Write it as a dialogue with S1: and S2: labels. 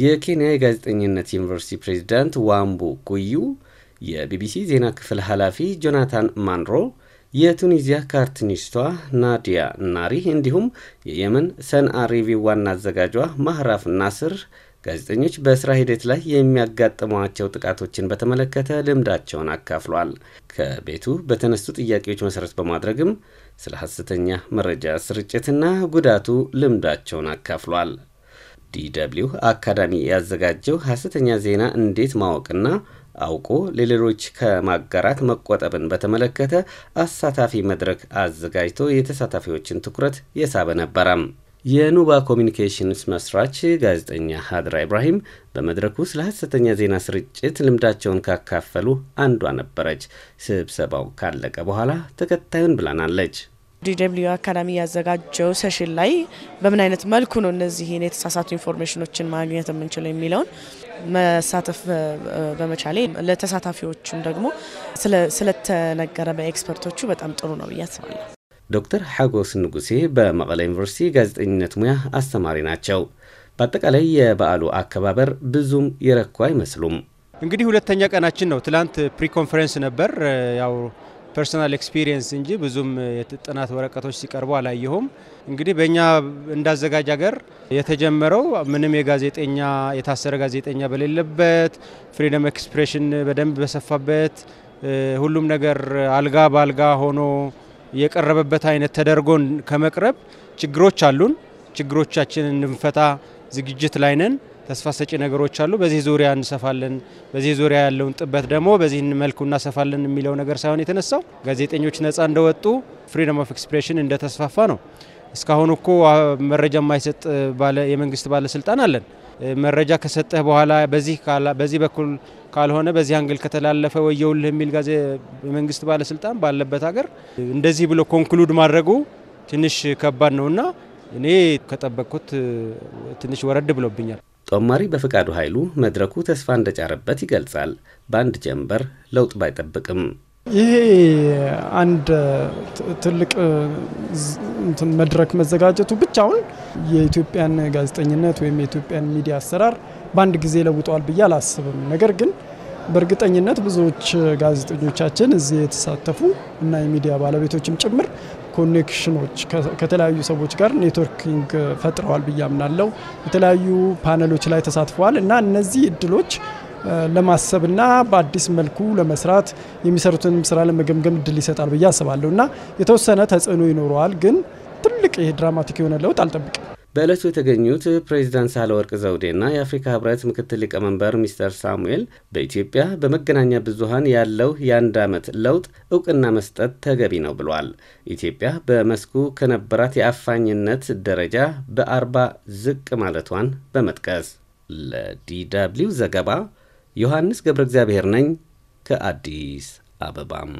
S1: የኬንያ የጋዜጠኝነት ዩኒቨርሲቲ ፕሬዚዳንት ዋምቡ ኩዩ፣ የቢቢሲ ዜና ክፍል ኃላፊ ጆናታን ማንሮ፣ የቱኒዚያ ካርቱኒስቷ ናዲያ ናሪ እንዲሁም የየመን ሰንአ ሪቪው ዋና አዘጋጇ ማህራፍ ናስር ጋዜጠኞች በስራ ሂደት ላይ የሚያጋጥሟቸው ጥቃቶችን በተመለከተ ልምዳቸውን አካፍሏል። ከቤቱ በተነሱ ጥያቄዎች መሰረት በማድረግም ስለ ሐሰተኛ መረጃ ስርጭትና ጉዳቱ ልምዳቸውን አካፍሏል። ዲደብሊው አካዳሚ ያዘጋጀው ሐሰተኛ ዜና እንዴት ማወቅና አውቆ ለሌሎች ከማጋራት መቆጠብን በተመለከተ አሳታፊ መድረክ አዘጋጅቶ የተሳታፊዎችን ትኩረት የሳበ ነበረም። የኑባ ኮሚኒኬሽንስ መስራች ጋዜጠኛ ሀድራ ኢብራሂም በመድረኩ ስለ ሐሰተኛ ዜና ስርጭት ልምዳቸውን ካካፈሉ አንዷ ነበረች። ስብሰባው ካለቀ በኋላ ተከታዩን ብላናለች። ዲደብሊዩ አካዳሚ
S2: ያዘጋጀው ሴሽን ላይ በምን አይነት መልኩ ነው እነዚህን የተሳሳቱ ኢንፎርሜሽኖችን ማግኘት የምንችለው የሚለውን መሳተፍ በመቻሌ ለተሳታፊዎቹም ደግሞ ስለተነገረ በኤክስፐርቶቹ በጣም ጥሩ ነው ብዬ አስባለሁ።
S1: ዶክተር ሓጎስ ንጉሴ በመቀለ ዩኒቨርሲቲ ጋዜጠኝነት ሙያ አስተማሪ ናቸው። በአጠቃላይ የበዓሉ አከባበር ብዙም የረኩ አይመስሉም። እንግዲህ ሁለተኛ ቀናችን ነው። ትላንት ፕሪ ኮንፈረንስ
S3: ነበር ያው ፐርሶናል ኤክስፒሪየንስ እንጂ ብዙም የጥናት ወረቀቶች ሲቀርቡ አላየሁም። እንግዲህ በእኛ እንዳዘጋጅ ሀገር የተጀመረው ምንም የጋዜጠኛ የታሰረ ጋዜጠኛ በሌለበት ፍሪደም ኤክስፕሬሽን በደንብ በሰፋበት ሁሉም ነገር አልጋ በአልጋ ሆኖ የቀረበበት አይነት ተደርጎን ከመቅረብ ችግሮች አሉን፣ ችግሮቻችንን እንፈታ ዝግጅት ላይ ነን። ተስፋ ሰጪ ነገሮች አሉ። በዚህ ዙሪያ እንሰፋለን፣ በዚህ ዙሪያ ያለውን ጥበት ደግሞ በዚህን መልኩ እናሰፋለን የሚለው ነገር ሳይሆን የተነሳው ጋዜጠኞች ነጻ እንደወጡ ፍሪደም ኦፍ ኤክስፕሬሽን እንደተስፋፋ ነው። እስካሁን እኮ መረጃ የማይሰጥ የመንግስት ባለስልጣን አለን። መረጃ ከሰጠህ በኋላ በዚህ በኩል ካልሆነ በዚህ አንግል ከተላለፈ ወየውልህ የሚል ጋዜ የመንግስት ባለስልጣን ባለበት ሀገር እንደዚህ ብሎ ኮንክሉድ ማድረጉ ትንሽ ከባድ ነውና እኔ ከጠበቅኩት ትንሽ ወረድ ብሎብኛል።
S1: ጦማሪ በፈቃዱ ኃይሉ መድረኩ ተስፋ እንደጫረበት ይገልጻል። በአንድ ጀንበር ለውጥ ባይጠብቅም
S2: ይሄ አንድ ትልቅ መድረክ መዘጋጀቱ ብቻውን የኢትዮጵያን ጋዜጠኝነት ወይም የኢትዮጵያን ሚዲያ አሰራር በአንድ ጊዜ ለውጠዋል ብዬ አላስብም። ነገር ግን በእርግጠኝነት ብዙዎች ጋዜጠኞቻችን እዚህ የተሳተፉ እና የሚዲያ ባለቤቶችም ጭምር ኮኔክሽኖች ከተለያዩ ሰዎች ጋር ኔትወርኪንግ ፈጥረዋል ብዬ አምናለሁ። የተለያዩ ፓነሎች ላይ ተሳትፈዋል እና እነዚህ እድሎች ለማሰብና በአዲስ መልኩ ለመስራት የሚሰሩትን ስራ ለመገምገም እድል ይሰጣል ብዬ አስባለሁ እና የተወሰነ ተጽዕኖ ይኖረዋል፣ ግን ትልቅ ይሄ ድራማቲክ የሆነ ለውጥ አልጠብቅም።
S1: በዕለቱ የተገኙት ፕሬዚዳንት ሳህለወርቅ ዘውዴና የአፍሪካ ህብረት ምክትል ሊቀመንበር ሚስተር ሳሙኤል በኢትዮጵያ በመገናኛ ብዙሃን ያለው የአንድ ዓመት ለውጥ እውቅና መስጠት ተገቢ ነው ብሏል። ኢትዮጵያ በመስኩ ከነበራት የአፋኝነት ደረጃ በአርባ ዝቅ ማለቷን በመጥቀስ ለዲደብሊው ዘገባ ዮሐንስ ገብረ እግዚአብሔር ነኝ ከአዲስ አበባም